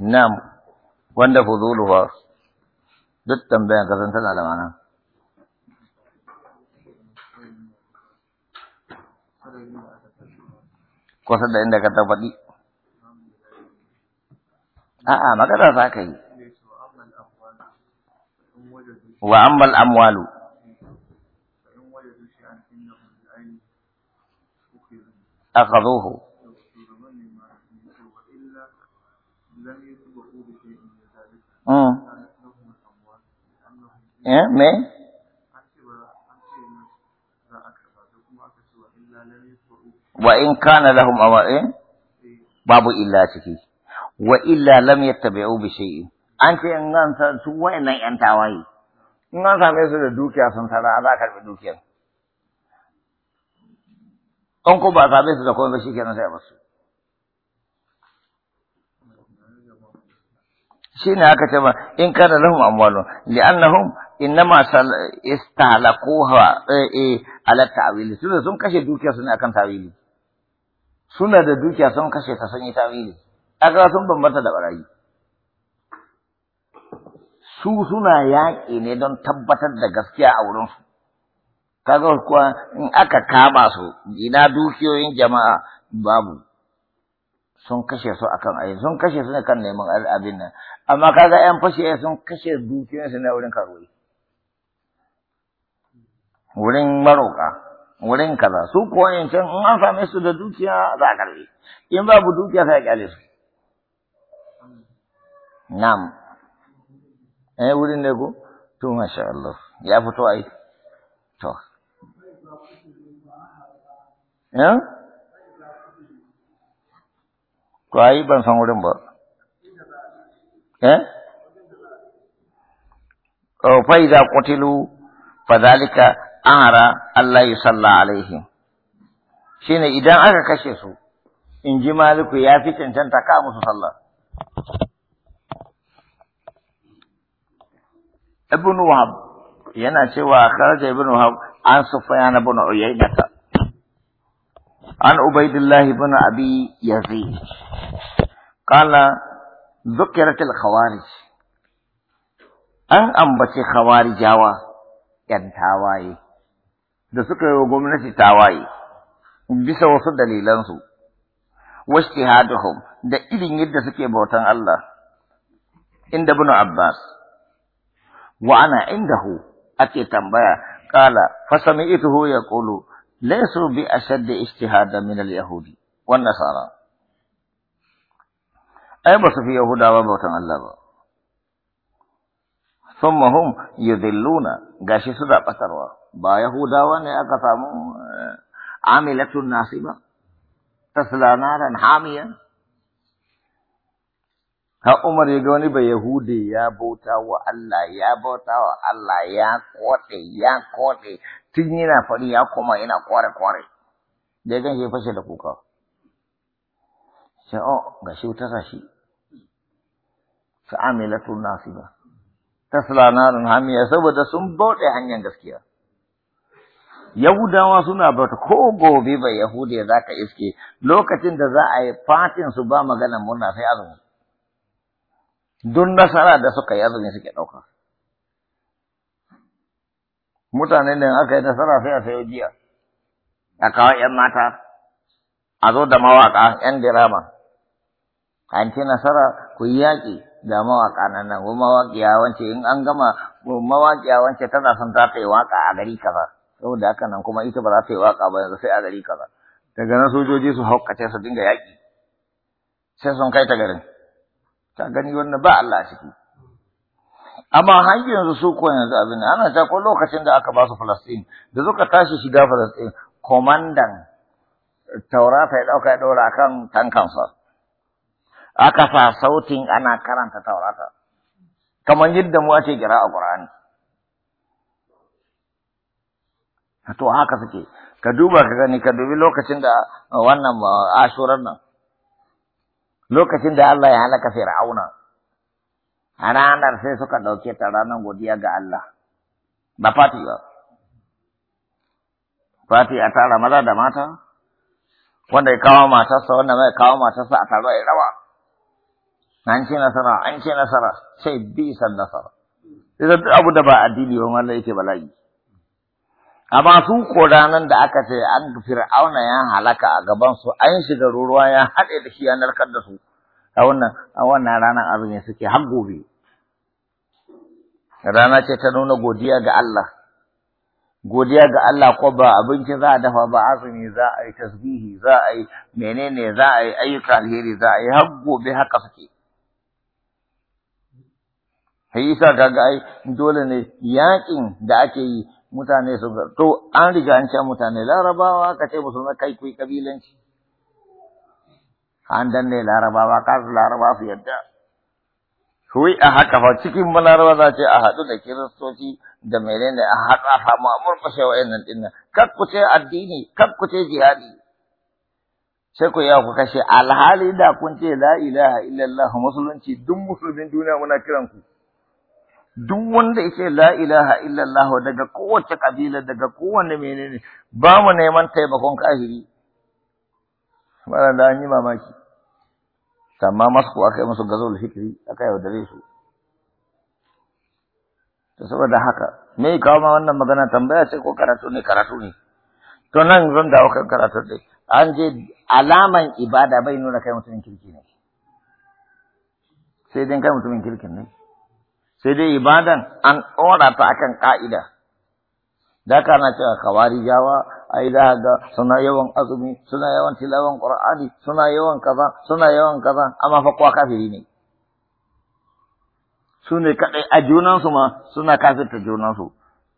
نعم وانده فضول هو دت تنبيه قدرت على معنا قصد عندك تفضي اه اه ما قد رفاك وعم الاموال اخذوه Mm. me? Wa in kana lahum awa'in? Babu illa ciki. Wa illa lam yattabi'u bi shay'in. An ce in sa su wayannan yan tawaye. In an same su da dukiya sun tara za ka karɓi dukiyar. In ko ba same su da komai ba shikenan sai ba su. shine aka ce ma in kana lahum amwalun li'annahum innama istahlaquha eh, eh ala ta'wili suna sun kashe dukiya suna akan ta'wili suna da dukiya sun kashe ta sun yi ta'wili aka sun bambanta da barayi su suna yaƙi ne don tabbatar da gaskiya a wurin su kaga kuwa in aka kama su ina dukiyoyin jama'a babu sun kashe su akan ayi eh, sun kashe su ne kan neman abin nan amma kaga yan fashe sun kashe dukiyarsu na wurin karuwa wurin maroka wurin kaza su kuwa can in an same su da dukiya za a karbe in babu dukiya sai a kyale su na'am eh wurin ne ko to masha Allah ya fito ai to eh to ai ban san wurin ba eh oh, fa idza qutilu fadhalika amara Allah Salla alaihim shine idan aka kashe su in ji maliku ya fi cancanta ka musu sallah ibn wahab yana cewa kharaja ibn wahab an sufyan ibn uyaynata an ubaidillah ibn abi yazid qala ذكرت الخوارج أن أه؟ أنبتي خوارج جاوا يعني تاواي ده ذكر وقومنتي تاواي بس وصد لي أنسو واجتهادهم ده إذن يد سكي بوتان الله عند ابن عباس وأنا عنده أتي تنبايا قال فسمعته يقول ليسوا بأشد اجتهادا من اليهود والنصارى ai ba su fi yahudawa bautan Allah ba summa hum yudilluna gashi da batarwa ba yahudawa ne aka samu eh, amilatun nasiba tasla naran hamiya ha Umar ya ga wani ba Yahudi ya bauta wa Allah ya bauta wa Allah ya koɗe ya koɗe tun yana fari ya kuma yana kware kware da ya gan shi fashe da kuka sai o oh, ga shi wuta shi fa'amilatu nasiba tasla narun hamiya saboda sun bauɗe hanyar gaskiya Yahudawa suna bauta ko gobe ba Yahudiya za ka iske lokacin da za a yi fatin su ba magana murna sai azumi. Don nasara da suka yi azumi suke ɗauka. Mutane da aka yi nasara sai a sayo jiya, a kawo ‘yan mata, a zo da mawaka, ‘yan dirama, an ci nasara ku yi yaƙi, da mawaƙa nan nan ko mawaƙiya wance in an gama mawaƙiya wance tana son za ta yi waƙa a gari kaza saboda haka nan kuma ita ba za ta yi waƙa ba yanzu sai a gari kaza daga nan sojoji su haukace su dinga yaƙi sai sun kai ta garin ta gani wannan ba Allah ciki amma har yanzu su ko yanzu abin ana ta ko lokacin da aka ba su Falastin da suka tashi shiga Falastin komandan taurata ya ɗauka ya ɗora akan tankansa aka sa sautin ana karanta taurata kamar yadda mu ake kira a Qur'ani to haka suke ka duba ka gani ka dubi lokacin da wannan ashurar ah, nan lokacin da Allah ya halaka Fir'auna a ranar sai suka ɗauke ta ranar godiya ga Allah ba fati ba fati a tara maza da mata wanda ya kawo matarsa wanda mai kawo matarsa a taro ya rawa an ce nasara an ce nasara sai bisan nasara idan abu da ba addini ba mallan yake bala'i amma su ko ranan da aka ce an fir'auna ya halaka a gaban su an shiga ruwa ya haɗe da shi ya narkar da su a wannan a wannan ranar azumi suke har gobe rana ce ta nuna godiya ga Allah godiya ga Allah ko ba abinci za a dafa ba azumi za a yi tasbihi za a yi menene za a yi ayyuka alheri za a yi har gobe haka suke sai isa kaga ai dole ne yakin da ake yi mutane su to an riga an ce mutane larabawa ka ce musulma kai kuyi kabilanci an danne larabawa ka su larabawa su yadda wai a haka fa cikin balaraba za ce a haɗu da kiristoci da menene a haɗa samu a murƙushe wa'annan ɗin nan kar ku ce addini kar ku ce jihadi sai ku ya ku kashe alhali da kun ce la ilaha illallah musulunci duk musulmin duniya muna kiran ku duk wanda yake la ilaha illallah daga kowace kabila daga kowane menene ba mu neman taimakon kahiri mara da an yi mamaki amma masu aka yi musu a kai aka yaudare su to saboda haka me kawo ma wannan magana tambaya ce ko karatu ne karatu ne to nan zan dawo kan karatu dai an je alaman ibada bai nuna kai mutumin kirki ne sai dai kai mutumin kirkin ne sai dai ibadan an ɗora ta akan ƙa'ida. Da ka na cewa kawari jawa, a yi ga suna yawan azumi, suna yawan tilawan ƙur'ani, suna yawan kaza, suna yawan kaza, amma fa kuwa kafiri ne. Su ne kaɗai a junansu ma suna kafirta junansu.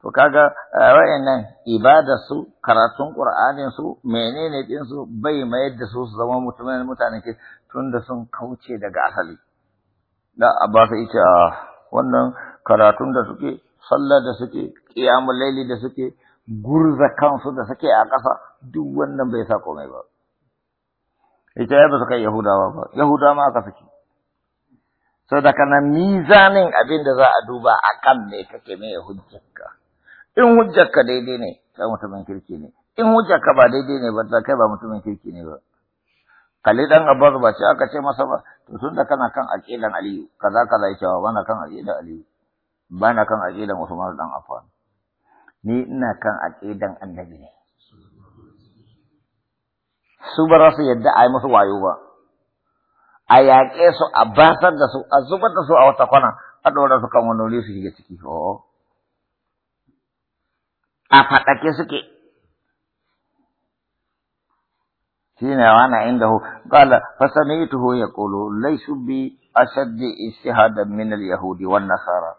To kaga eh, nan ibadar su, karatun ƙur'anin su, menene ɗin su bai mayar da su su zama mutumin mutane ke tun sun kauce daga asali. Da ba su ita wannan karatun da suke sallah da suke qiyamul laili da suke gurza kansu da suke a ƙasa duk wannan bai sa komai ba ita ya bata kai yahudawa ba yahudawa ma aka saki sau da kana mizanin abin da za a duba a kan me kake me hujjarka in hujjarka daidai ne kai mutumin kirki ne in hujjarka ba daidai ne ba kai ba mutumin kirki ne ba kalli dan abbas ba ce aka ce masa ba to tunda kana kan aqidan aliyu kaza kaza ya cewa bana kan aqidan aliyu bana kan aqidan usman dan affan ni ina kan aqidan annabi ne su ba za su yadda a yi musu wayo ba a yaƙe su a basar da su a zubar da su a wata kwana a ɗora su kan wani wuri su shiga ciki a faɗake suke حين وانا عنده قال فسمعته يقول ليس بي أشد اجتهادا من اليهود والنصارى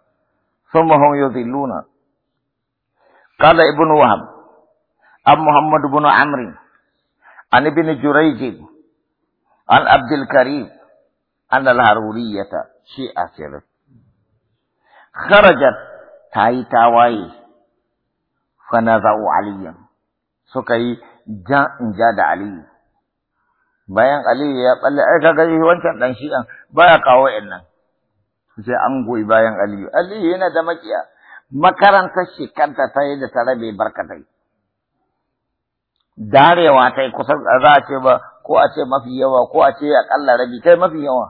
ثم هم يضلون قال ابن وهب أم محمد بن عمرو عن ابن جريج عن عبد الكريم أن الهارورية اسير خرجت تايتا واي فنزعوا عليا سكي جاء جاد علي bayan Aliyu ya balle ai kaga wancan dan ba baya kawo nan sai an goyi bayan Aliyu Aliyu yana da makiya makarantar shi kanta ta yi da ta rabe barkatai darewa ta yi kusan za a ce ba ko a ce mafi yawa ko a ce akalla rabi kai mafi yawa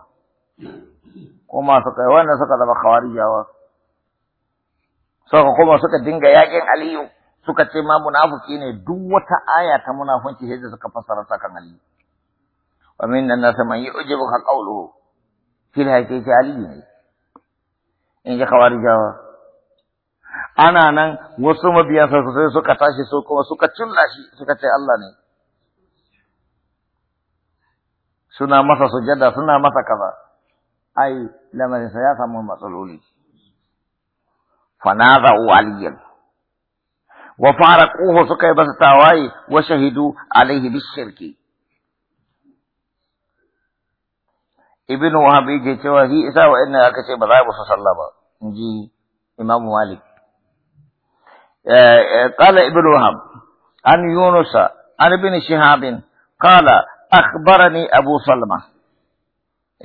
ko masu kai wannan suka zama yawa suka kuma suka dinga yakin Aliyu suka ce ma munafiki ne duk wata aya ta munafunci sai suka fassara ta kan Aliyu wa min nan nasa man yu'jibuka qawluhu fil haqiqati ali ne in ji khawarijawa ana nan wasu mabiyansa sai suka tashi su kuma suka cilla shi suka ce Allah ne suna masa sujada suna masa kaza ai lamarin ya samu matsaloli fanaza'u aliyan wa faraquhu suka yi masa tawaye wa shahidu alaihi bishirki ibn wahabi ke cewa shi isa wa inna aka ce ba za mu sallah ba in ji imam malik qala ibn wahab an yunus an ibn shihab qala akhbarani abu salma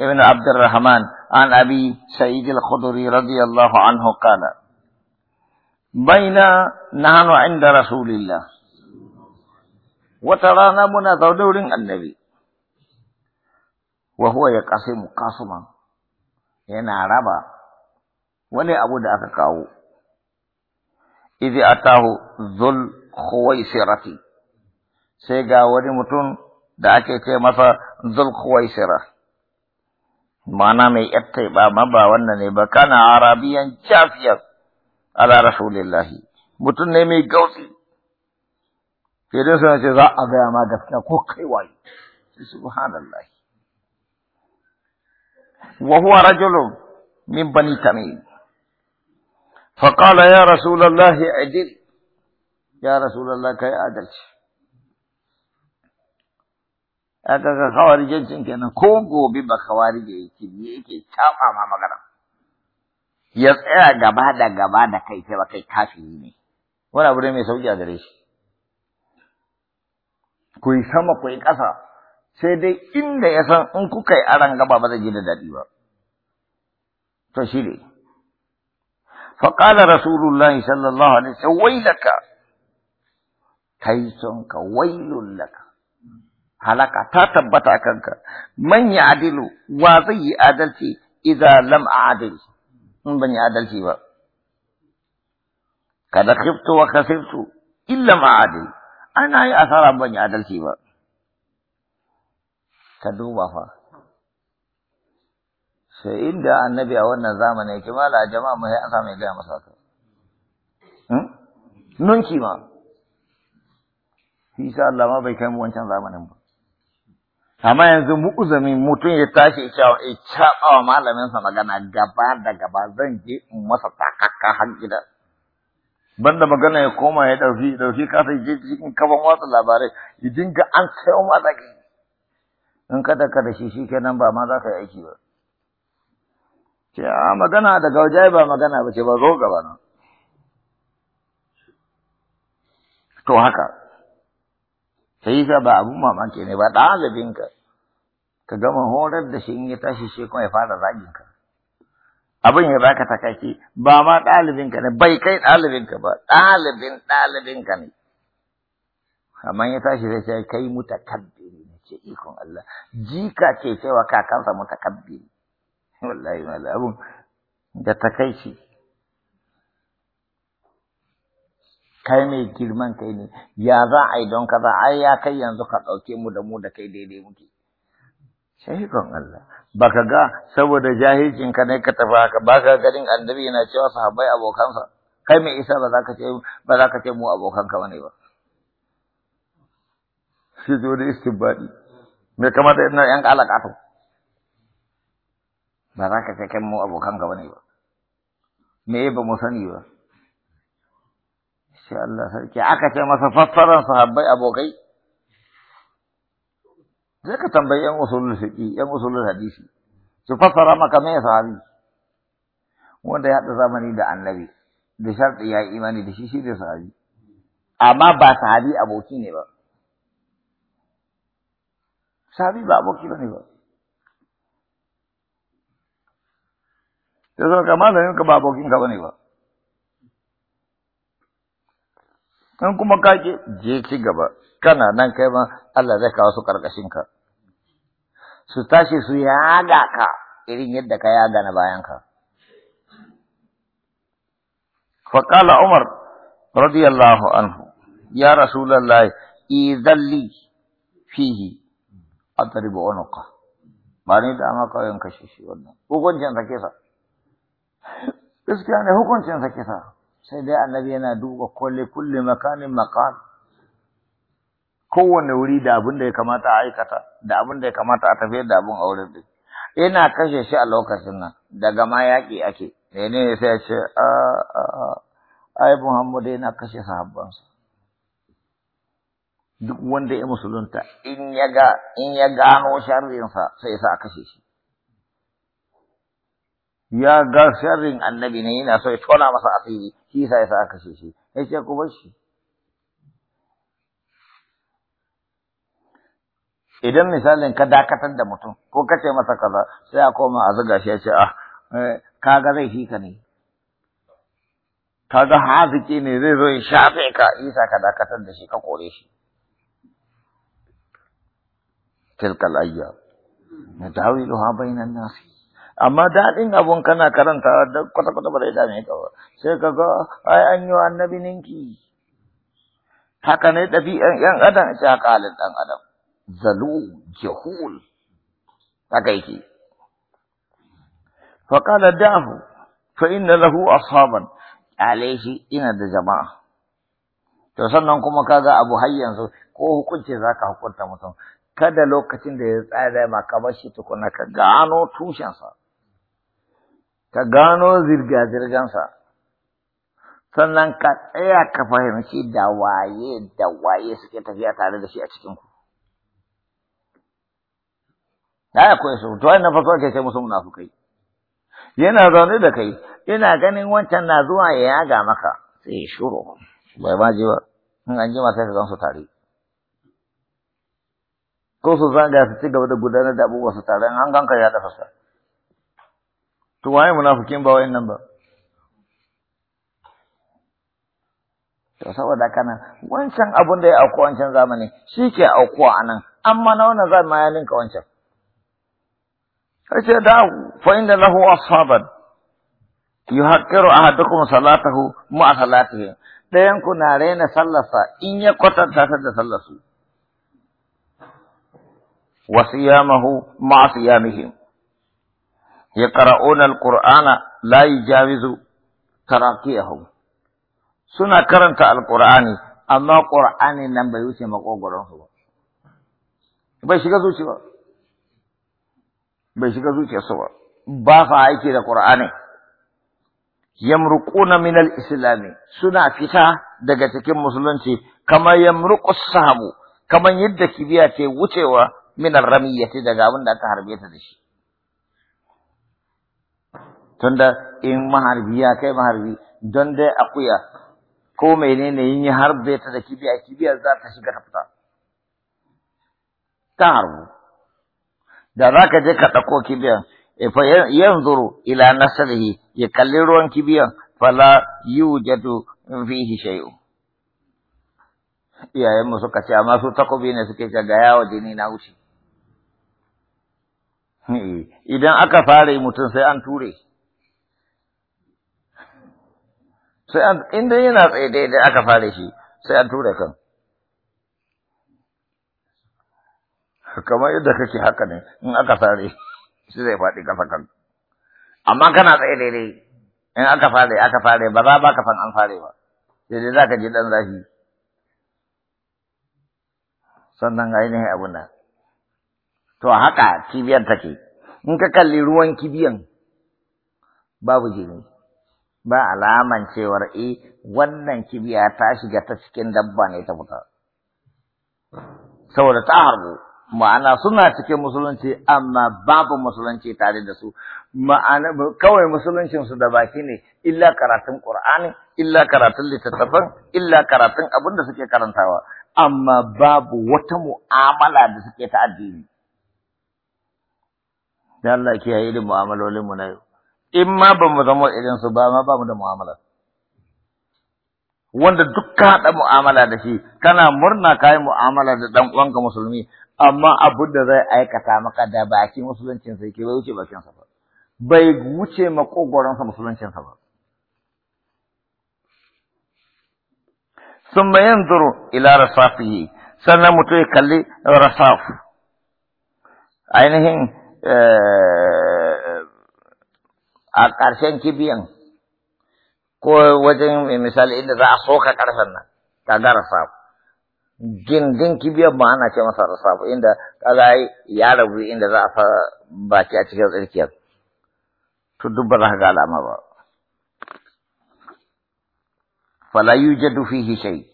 ibn abd الرحمن عن ابي سعيد الخدري رضي الله عنه قال بين نحن عند رسول الله وترانا منا ذو النبي wa huwa ya kasimu Kasuma yana raba wani abu da aka kawo idh atahu zol khuwaisirati sai ga wani mutum da ake ce masa dhul khuwaisira mana mai yattai ba ma ba wannan ne ba kana arabiyan jafiyar ala rasulillahi mutum ne mai gautsi sai suna ce za a gaya ma gaskiya ko kai waye subhanallah وهو رجل من بني تميم فقال يا رسول الله عدل يا رسول الله كي عدل aka khawarijin kenan ko gobe ba khawarije yake ne yake taba ma magana ya tsaya gaba da gaba da kai sai ba kai kafiri ne wani abu ne mai sauki a gare shi ku yi sama ku yi ƙasa sai dai inda ya san in kuka yi aran gaba ba zai ji da daɗi ba. To shi ne. Faƙala Rasulullahi sallallahu alaihi wasallam wai laka, kai son ka wailun laka, halaka ta tabbata a kanka, man ya adilu wa zai yi adalci idan lam a in ban yi adalci ba. Kada khiftu wa khasiftu illa ma adil, ana yi asara ban yi adalci ba. ka duba fa sai inda annabi a wannan zamani yake mala jama'a mu sai an samu gaya masa ka hmm? nunki ma shi sa Allah ma bai kai mu wancan zamanin ba amma yanzu mu uzumi mutum ya tashi ya cewa ya caɓa wa malamin sa magana gaba da gaba zan je in masa takakka har gida banda magana ya koma ya ɗauki dauki ka sai je cikin kafan watsa labarai ya ga an sayo ma zaki in ka daka da shi shikenan ba ma za ka yi aiki ba ce a ah, magana daga waje ba magana ba ce ba zo gaba nan to haka sai sa ba abun mamaki ne ba ɗalibinka ka gama horar da shi in ya tashi shi kuma ya fara zaginka abin ya baka takaki ba ma ɗalibinka ne bai kai ɗalibinka ba ɗalibin ɗalibinka ne amma ya tashi zai sai kai mutakabbiri ce ikon Allah jika ce cewa kakansa mutakabbiri wallahi malamun da takaici kai mai girman kai ne ya za a yi don kaza ai ya kai yanzu ka ɗauke mu da mu da kai daidai muke shahikon Allah baka ga saboda jahilcin ka ne ka tafi haka baka ganin annabi yana cewa sahabbai abokansa kai mai isa ba za ka ce mu abokanka wani ba sai zo da istibadi me kamata ina yan kalakatu ba za ka ce kai mu abokan gaba ne ba me ba mu sani ba sai Allah sarki aka ce masa fassaran sahabbai abokai zai ka tambayi yan usulul fiqi yan usulul hadisi su fassara maka me sahabi wanda ya haɗa zamani da annabi da sharɗi ya imani da shi shi da sahabi amma ba sahabi aboki ne ba সাহাবি বাবু কি ka babokin ka ba kuma ka je je ci gaba kana nan kai ma Allah zai kawo su karkashin su tashe su yaga ka irin yadda ka yaga na bayan ka fa umar radiyallahu anhu ya rasulullahi idhalli fihi adribu unuqa ba ni da dama kawai in kashe shi wannan hukuncin sa kisa gaskiya ne hukuncin sa kisa sai dai annabi yana duba kulli kulli makanin maqal kowanne wuri da abin da ya kamata a aikata da abin da ya kamata a tafiyar da abin a auren din Ina kashe shi a lokacin nan daga ma yaƙi ake ne ne sai ya ce a ai Muhammadu yana kashe sahabbansa duk wanda ya musulunta in ya ga in ya gano sharrinsa sai sa a kashe shi ya ga sharrin annabi ne yana so ya tona masa asiri shi sa ya sa a kashe shi ya ce ku bar shi idan misalin ka dakatar da mutum ko ka ce masa kaza sai a koma a zuga shi ya ce ah eh, ga zai fi ka ne kaga haziki ne zai zo ya shafe ka isa ka dakatar da shi ka kore shi Tilkal ayya. na ha bainan nasi amma daɗin abun kana karanta da kwata-kwata ba zai dame ka sai ka ga ai an yi annabi ninki haka ne ɗabi'an ‘yan adam a cikin halin ɗan adam zalu jahul haka yake kala dahu fa inna lahu ashaban alaihi ina da jama'a to sannan kuma kaga abu har yanzu ko hukunci zaka hukunta mutum kada lokacin da ya tsada ma ka bar shi tukuna ka gano tushensa ka gano zirga-zirgansa sannan ka tsaya ka fahimci da waye da waye suke tafiya tare da shi a cikin ku ya koyi su to wannan farko ake ce musu munafukai yana zaune da kai ina ganin wancan na zuwa ya yaga maka sai shuru bai ma ji ba in an ji ma sai ka gan su tare ko su zanga su ci gaba da gudanar da abubuwa su tare an ganka ya sa. to waye munafikin ba nan ba to saboda kana wancan abun da ya auku wancan zamani shi ke aukuwa anan amma na wannan ma ya ninka wancan kace da fa inda lahu ashaban yuhakkiru ahadukum salatahu ma salatihi dayan ku na rena sallarsa in ya kwatanta ta da sallasu. Wasu yamahu masu yamahi, ya ƙara'unar Kur'ana layi, ja misu Suna karanta al amma Qur'anin nan bai wuce maƙogwarin ku. Bai shiga zuci bai shiga zuciyarsu ba. Ba fa aiki da Qur'ani. Yamruƙuna minal islami suna fita daga cikin musulunci kamar yamruƙun sahabu, kamar yadda kibiyya ke wucewa. min ar-ramiyati daga abin da aka harbe ta da shi tunda in maharbi kai maharbi don dai akuya ko menene yin harbe ta da kibiya kibiya za ta shiga ta fita ta harbu da za ka je ka ɗauko kibiyan eh, zuru ila nasarihi ya kalli ruwan kibiyan fala yujadu fihi shayu iyayenmu suka ce amma su takobi ne suke ga yawo jini na wuce Hmm. Idan aka fara yi mutum sai an ture. Sai an, inda yana tsaye daidai aka fara shi sai an ture kan. Kamar yadda kake haka ne, in aka fara shi zai faɗi kafa kan. Amma kana tsaye daidai, in aka fara aka fara ba za ba ka fan an fara ba. Sai dai za ka ji ɗan zafi. Sannan ainihin abin nan. to haka kibiyar take in ka kalli ruwan kibiyan babu jini ba alaman cewar eh wannan kibiya ta shiga ta cikin dabba ne ta fita saboda ta harbu ma'ana suna cikin musulunci amma babu musulunci tare da su ma'ana kawai musuluncinsu da baki ne illa karatun ƙur'ani, illa karatun littattafan illa karatun abin suke karantawa amma babu wata mu'amala da suke ta addini da Allah ke irin mu'amalolin mu na yau in ma ba mu zama irin su ba ma ba mu da mu'amala wanda duk ka haɗa mu'amala da shi kana murna ka mu'amala da ɗan uwanka musulmi amma abin da zai aikata maka da baki musuluncin sai ke bai wuce bakin sa ba bai wuce ma kokorin sa musuluncin sa ba ثم yanzuru ila رصافه sannan mutum ya kalli rasaf ainihin Eh, eh, eh, a ƙarshen kibiyan ko wajen misali inda za a soka ƙarshen nan gara rasaf gindin kibiyan ma ana ce masa rasaf inda kaga ya rabu inda za a fa baki a cikin tsirkiyar to duk ba za ka ga alama ba fala yujadu fihi shay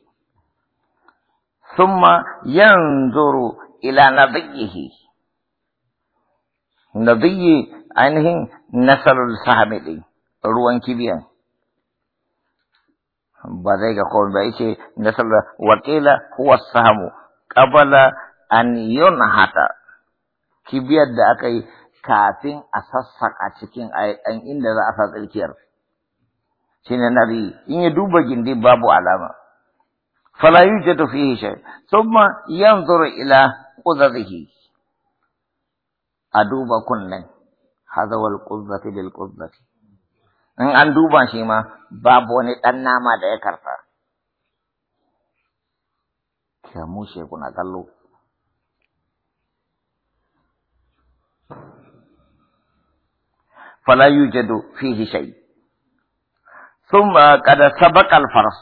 thumma yanzuru ila nabiyi ainihin nasarar sahami ɗi ruwan kibiyan ba zai ga komai ba yake nasarar wakila huwa sahamu qabala an hata kibiyar da aka yi kafin a sassaka cikin ɗan inda za a sa tsirkiyar shi ne nabi in ya duba gindi babu alama fala yujadu fihi shay thumma yanzuru ila qudratihi a duba kunnen hazawar ƙuzzati bil ƙuzzati in an duba shi ma babu wani ɗan nama da ya karfa ya mushe kuna kallo fala yujadu fihi shay thumma qad sabaqa al faras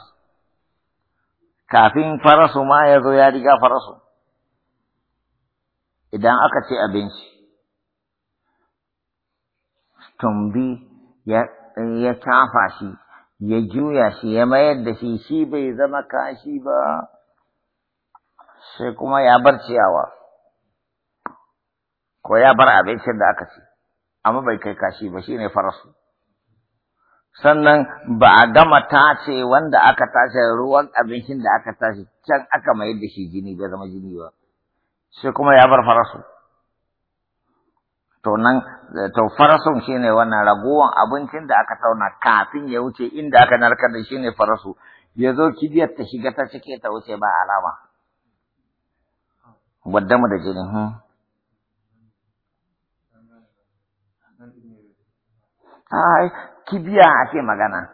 kafin farasu ma ya zo ya riga farasu idan aka ce abinci tumbi ya kafa shi ya juya shi ya mayar da shi shi bai zama kashi ba sai kuma ya bar ciyawa ko ya bar abincin da aka ci amma bai kai kashi ba shine farasu sannan ba a gama tace wanda aka tace ruwan abincin da aka tace can aka mayar da shi jini bai zama jini ba sai kuma ya bar farasu to nan eh, to farasun shine wannan ragowan abincin da aka tauna kafin ya wuce inda aka narkar da shine farasu ya zo kibiyar ta shiga ta cike ta wuce ba alama wadda mu da jinin hmm. ai kibiya ake magana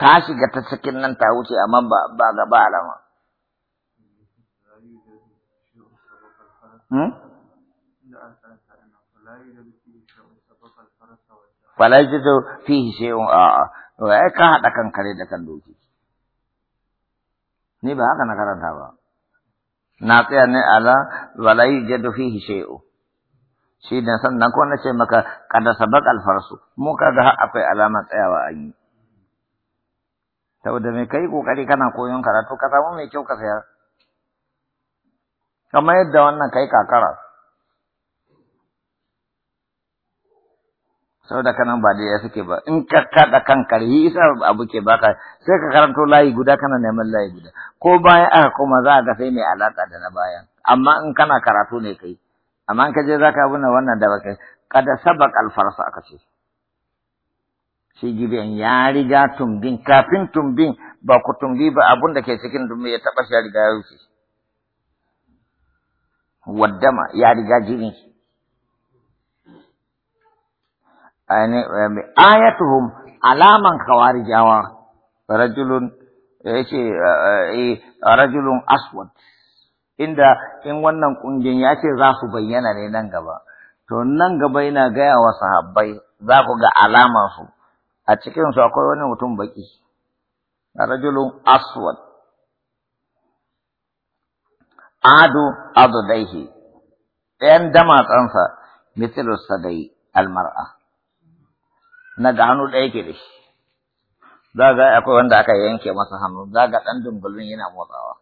ta shiga ta cikin nan ta wuce amma ba ba alama hmm? Fala yi jizo fihi shay'un a'a. Ai ka haɗa kan kare da kan doki. Ni ba haka na karanta ba. Na tsaya ne ala wala yi jizo fihi shay'un. Shi da sannan ko na ce maka kada sabak alfarsu. Mu kaga har akwai alama tsayawa an yi. Saboda me kai kokari kana koyon karatu ka samu mai kyau ka sayar. Kamar yadda wannan kai kakara. saboda kanan ba da ya suke ba in ka kada kan karhi isa abu ke baka sai ka karanto layi guda kana neman layi guda ko bayan aka koma za ga sai mai alaka da na bayan amma in kana karatu ne kai amma in ka je za ka na wannan da baka kada sabak alfarsa aka ce shi gidan ya riga tumbin kafin tumbin ba ku tumbi ba abun da ke cikin dumbe ya taba shi ya riga ya wuce waddama ya riga jini ayatuhum alaman khawarijawa rajulun yace rajulun aswad inda in wannan kungin yace ce za su bayyana ne nan gaba to nan gaba yana gaya wa sahabbai za ku ga alama su a cikin su akwai wani mutum baki rajulun aswad adu adudaihi ɗayan damatsansa mithlu sadai almar'a na ga hannu ɗaya ke da shi za ga akwai wanda aka yanke masa hannu za ga ɗan dungulun yana motsawa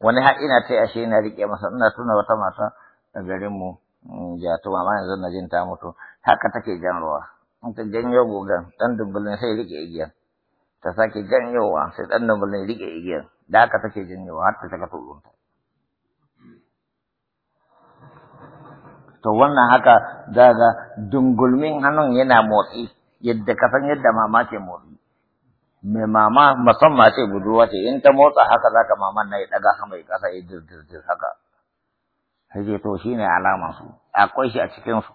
wani har ina ta ashe yana riƙe masa ina tuna wata mata a garinmu mm, jatu. mama yanzu na jin ta mutu haka take jan ruwa in ta janyo gogan ɗan dungulun sai riƙe igiyan ta sake janyowa sai ɗan dungulun riƙe igiyan da haka take janyowa har ta saka tulunta to wannan haka daga dungulmin hannun yana motsi yadda kasan yadda mama ke motsi mai mama musamman ce budurwa ce in ta motsa haka zaka mama na ya daga sama ya kasa ya dirdirdir haka haje to shine alama su akwai shi a cikin su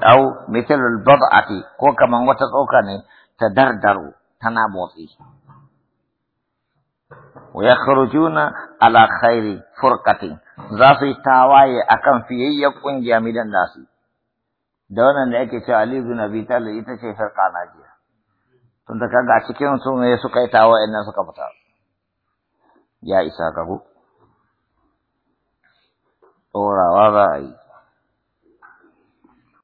au mithlul bad'ati ko kaman wata tsoka ne ta dardaro tana motsi ويخرجون على خير فرقة زاسي تاواي اكن في اي يكون جامدا ناسي دونا نأكي علي بن ابي طالب إتشي فرقة ناجية tunda kaga a تشيكن سو ne سو كاي تاوا ان سو fita يا isa gabu اورا za a yi